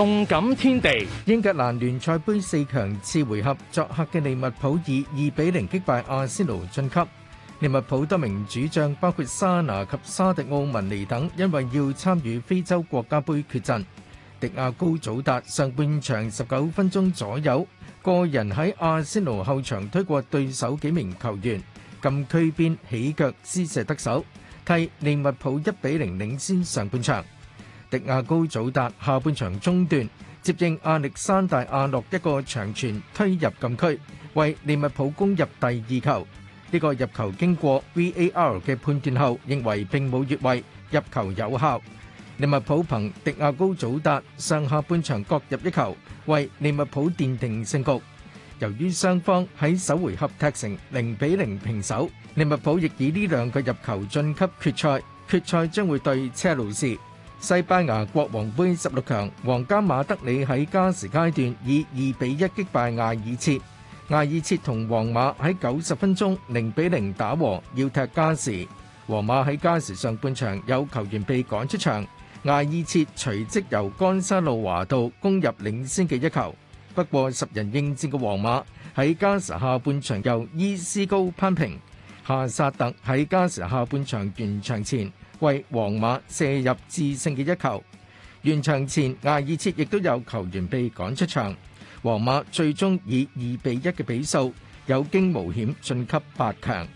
動感天地，英格蘭聯賽杯四強次回合，作客嘅利物浦以二比零擊敗阿仙奴晉級。利物浦多名主將包括沙拿及沙迪奧文尼等，因為要參與非洲國家杯缺陣。迪亞高祖達上半場十九分鐘左右，個人喺阿仙奴後場推過對手幾名球員，禁區邊起腳施射得手，替利物浦一比零領先上半場。迪亞高祖達下半場中段接應亞歷山大阿諾一個長傳，推入禁區，為利物浦攻入第二球。呢個入球經過 VAR 嘅判斷後，認為並冇越位，入球有效。利物浦憑迪亞高祖達上下半場各入一球，為利物浦奠定勝局。由於雙方喺首回合踢成零比零平手，利物浦亦以呢兩個入球晉級決賽。決賽將會對車路士。西班牙國王杯十六強，皇家馬德里喺加時階段以二比一擊敗艾爾切。艾爾切同皇馬喺九十分鐘零比零打和，要踢加時。皇馬喺加時上半場有球員被趕出場，艾爾切隨即由甘沙路華道攻入領先嘅一球。不過十人應戰嘅皇馬喺加時下半場由伊斯高扳平。夏薩特喺加時下半場完場前為皇馬射入致勝嘅一球。完場前，亞爾切亦都有球員被趕出場。皇馬最終以二比一嘅比數有驚無險晉級八強。